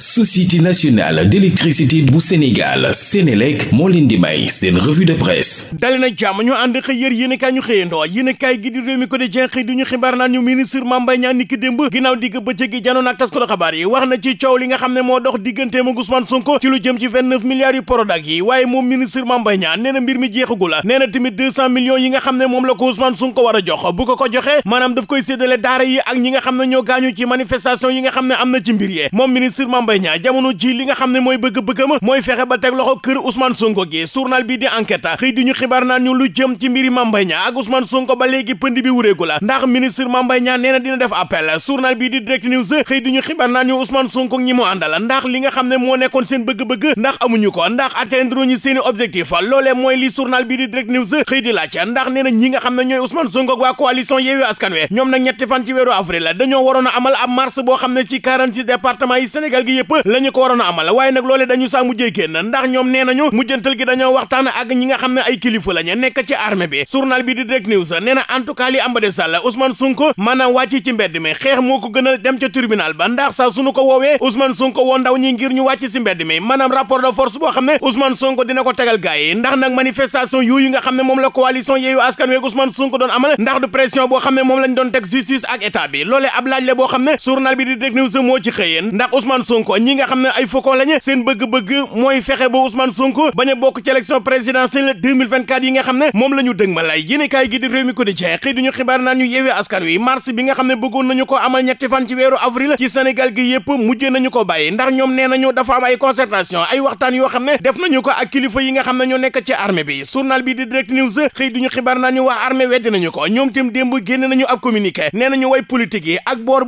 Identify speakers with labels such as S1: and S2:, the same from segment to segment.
S1: société nationale d'électricité bu Sénégal Sénélec moo leen di may seen revue de presse dali jàmm ñu ànd xëy yër yéenekaay ñu xëyandoo yéenekaay gi di Rewmi Quotidien xëy di ñu xibaar naan ñu ministre Mame Mbaye démb ginnaaw digg bëccëg gi janoon ak taskatu xabaar yi wax na ci coow li nga xam ne moo dox digganteem ak Ousmane Sonko ci lu jëm ci 29 yu Prodac yi waaye moom ministre Mame Mbaye mbir mi jeexagu la nee tamit 200 millions ne moom la a jox bu ko na Mbaye Niang jamono ji li nga xam ne mooy bëgg-bëggam mooy fexe ba loxo kër Ousmane Sonko gi journal bi di enquête xëy di ñu xibaar naan ñu lu jëm ci mbiri Mame Mbaye Niang ak Ousmane Sonko ba léegi pënd la ndax ministre Mame Mbaye Niang dina def appel journal bi di direct news xëy di ñu xibaar naan ñu Ousmane Sonko ñi mu àndal ndax li nga xam ne moo nekkoon seen bëgg-bëgg ndax amuñu ko ndax atteindre ñu seeni objectif loolee mooy li journal bi di direct a yëpp la ñu ko waroon a amal waaye nag loolee dañu saa mujjee génn ndax ñoom nee nañu mujjantal gi dañoo waxtaan ak ñi nga xam ne ay kilifa lañu nekk ci armée bi journal bi di Direct News nee na en tout cas li ambade sàll ci mbedd mi xeex moo ko dem ca tribunal ba ndax saa suñu ko woowee Ousmane Sonko woo ndaw ñi ngir ñu wàcc si mbedd mi maanaam rapport de force boo xam ne Ousmane Sonko dina ko tegal gars yi ndax nag manifestation yooyu nga Sonko ñi nga xam ne ay faucon lañu seen bëgg-bëgg mooy fexe ba Ousmane Sonko bañ bokk ci élection présidentielle 2024 yi nga xam ne moom la ñu dëg ma lay yéene kaay gi mi ko di jeex xëy duñu xibaar naan ñu askan wi mars bi nga xam ne bëggoon nañu ko amal ñetti fan ci weeru avril ci Sénégal gi yëpp mujjee nañu ko bàyyi ndax ñoom nee nañu dafa am ay concertation ay waxtaan yoo xam ne def nañu ko ak kilifa yi nga xam ne ñoo nekk ci armée bi ñoom tim démb génn nañu ab communiqué nee nañu way politique yi ak boor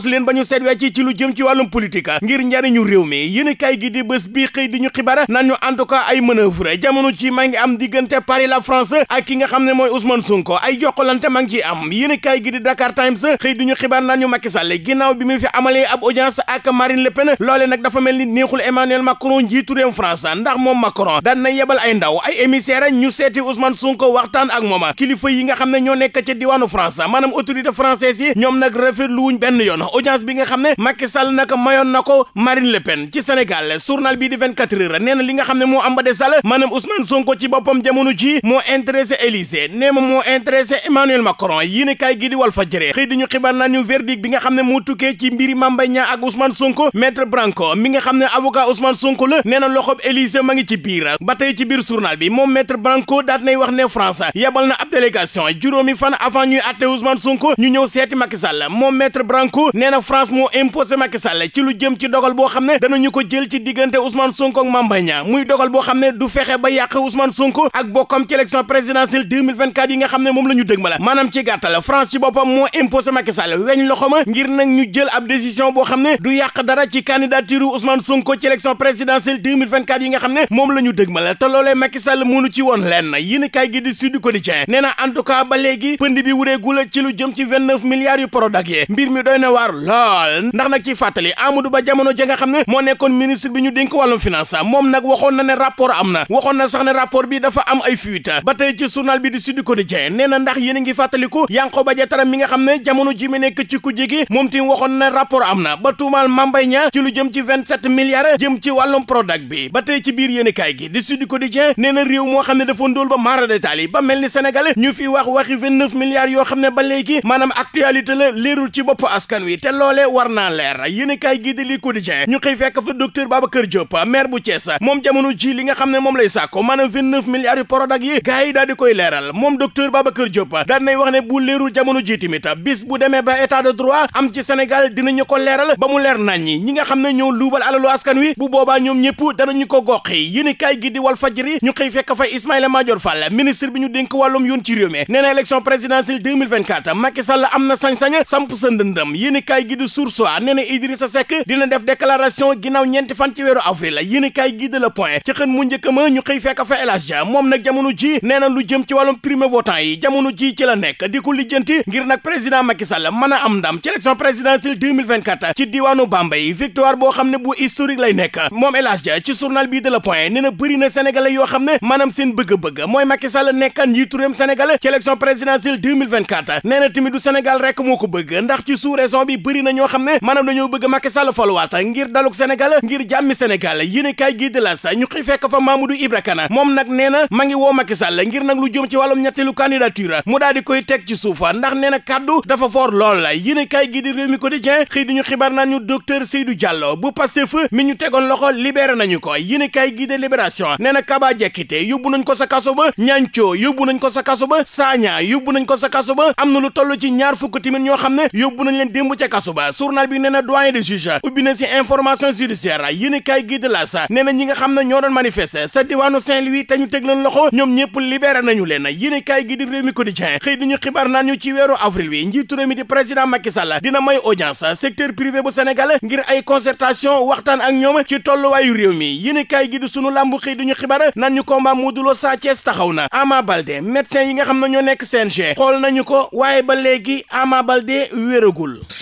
S1: raxas leen ba ñu seet wecc ci lu jëm ci wàllum politique ngir njariñu réew mi yéen kaay gi di bés bi xëy di ñu xibaar naan ñu en tout cas ay manœuvre jamono ci maa ngi am diggante Paris la France ak ki nga xam ne mooy Ousmane Sonko ay jokkalante maa ngi ciy am yéen kaay gi di Dakar Times xëy di ñu xibaar naan ñu Macky Sall ginnaaw bi mu fi amalee ab audience ak Marine Le Pen loole nag dafa mel ni neexul Emmanuel Macron njiitu réew France ndax moom Macron daan na yebal ay ndaw ay émissaire ñu seeti Ousmane Sonko waxtaan ak mooma kilifa yi xam ne ñoo nekk ca diwaanu France maanaam autorité française yi ñoom nag rafetlu benn yoon audience bi nga xam ne Macky Sall naka mayoon na ko Marine Le Pen ci Sénégal journal bii di 24 heures nee na li nga xam ne moo am ba de Sall maanaam Ousmane Sonko ci boppam jamono ji moo intéressé Élysée nee ma moo intéressé Emmanuel Macron yéen a kaay gi di Walf Fadjri xëy di ñu xibaar na ñu verdict bi nga xam ne moo tukkee ci mbiri Mame Mbaye Niang ak Ousmane Sonko maître Branco mi nga xam ne avocat Ousmane Sonko la nee na loxob Élysée ma ngi ci biir ba tey ci biir journal bi moom maître Branco daat nay wax ne France yabal na ab délégation juróomi fan avant ñuy àtte Ousmane Sonko ñu ñëw seeti Macky Sall moom maître Branco nee na France moo imposé Macky Sall ci lu jëm ci dogal boo xam ne danañu ko jël ci diggante Ousmane Sonko ak Mame Mbaye Niang muy dogal boo xam ne du fexe ba yàq Ousmane Sonko ak bokkam ci élection présidentielle 2024 yi nga xam ne moom la ñu dëgmal maanaam ci gàttal France ci boppam moo imposé Macky Sall weñ loxo ma ngir ñu jël ab décision boo xam ne du yàq dara ci candidature Ousmane Sonko ci élection présidentielle 2024 yi nga xam ne moom la ñu dëgmal te loolee Macky Sall mënu ci woon lenn yéen kaay gi di Sud en tout cas ba léegi pënd bi wureegula ci lu jëm ci 29 milliards yu Prodac mi doy waar lool ndax nag ci fàttali Amadou Ba jamono ja nga xam ne moo nekkoon ministre bi ñu dénk wàllum finance moom nag waxoon na ne rapport am na waxoon na sax ne rapport bi dafa am ay fuite ba tey ci journal bi di Sud Quotidien nee na ndax yéen a ngi fàttaliku Yankhoba Diattara mi nga xam ne jamono ji mi nekk gi moom tim waxoon na rapport am na ba tuumaal Mame Mbaye Niang ci lu jëm ci 27 milliards jëm ci wàllum Prodac bi ba tey ci biir yéenekaay gi ne ba maara détail yi ba mel ni Sénégal ñu fi wax wi te loolee war naa leer yéen kaay gii di li quotidien ñu xëy fekk fa docteur kër Diop maire bu Thiès moom jamono ji li nga xam ne moom lay sàkko maanaam vingt-neuf milliards yu Prodac yi gars yi daal di koy leeral moom docteur Babacar Diop daal nay wax ne bu leerul jamono ji tamit bis bu demee ba état de droit am ci Sénégal dinañu ko leeral ba mu leer nañ ñi ñi nga xam ne ñoo luubal alalu askan wi bu boobaa ñoom ñëpp danañu ko goxi yéen kaay gi di Wal Fadjri ñu xëy fekk fa Ismaïla Madior Fall ministre bi ñu dénk wàllum yoon ci réew mi nee na élection présidentielle 2024 Macky Sall am na sañ-sañ samp sa ndëndam yéen yéenekaay gi di Source A nee dina def déclaration ginnaaw ñeenti fan ci weeru avril yéenekaay gi de Le Point ci xën mu njëkk ñu xëy fekk fa El Hadj moom nag jamono ji nee lu jëm ci wàllum primo votant yi jamono ji ci la nekk di ko lijjanti ngir nag président Macky Sall am ndam ci élection présidentielle ci diwaanu Bambey victoire boo xam ne bu historique lay nekk moom El Hadj ci journal bii de Le Point nee na yoo xam ne maanaam seen bi bëri na ñoo xam ne maanaam dañoo bëgg Macky Sall faluwaat ngir daluk Sénégal ngir jàmmi Sénégal yéene kaay gii di la ñu xëy fekk fa Mamadou Ibra Kane moom nag nee na ma woo Macky Sall ngir nag lu jëm ci wàllum ñetteelu candidature mu daal koy teg ci suufa ndax nee na kàddu dafa foor lool yéene kaay gii di Rewmi Quotidien xëy di ñu xibaar naan ñu docteur Seydou Diallo bu Pastef mi ñu tegoon loxo libéré nañu ko yéene kaay gii di nee na ko sa kaso ba sa kaso ba nañ ko sa ba am na toll ci ñaar fukk tamit ñoo xam ne ca kasu ba journal bi nee na doyen des juges ubbi si information judiciaire yéen kaay gi de la sa nee ñi nga xam ne ñoo doon manifester sa diwaanu Saint-Louis te ñu teg leen loxo ñoom ñëpp libéré nañu leen yéen kaay gi di réew mi quotidien xëy diñu xibaar naan ñu ci weeru avril wi njiitu réew di président Macky Sall dina may audience secteur privé bu Sénégal ngir ay concertation waxtaan ak ñoom ci tolluwaayu réew mi yéen kaay gi di sunu làmbu xëy diñu xibaar naan ñu combat Sa Thiès taxaw na Ama Baldé médecin yi nga xam ne ñoo nekk CNG xool nañu ko waaye ba léegi Ama Baldé wéragul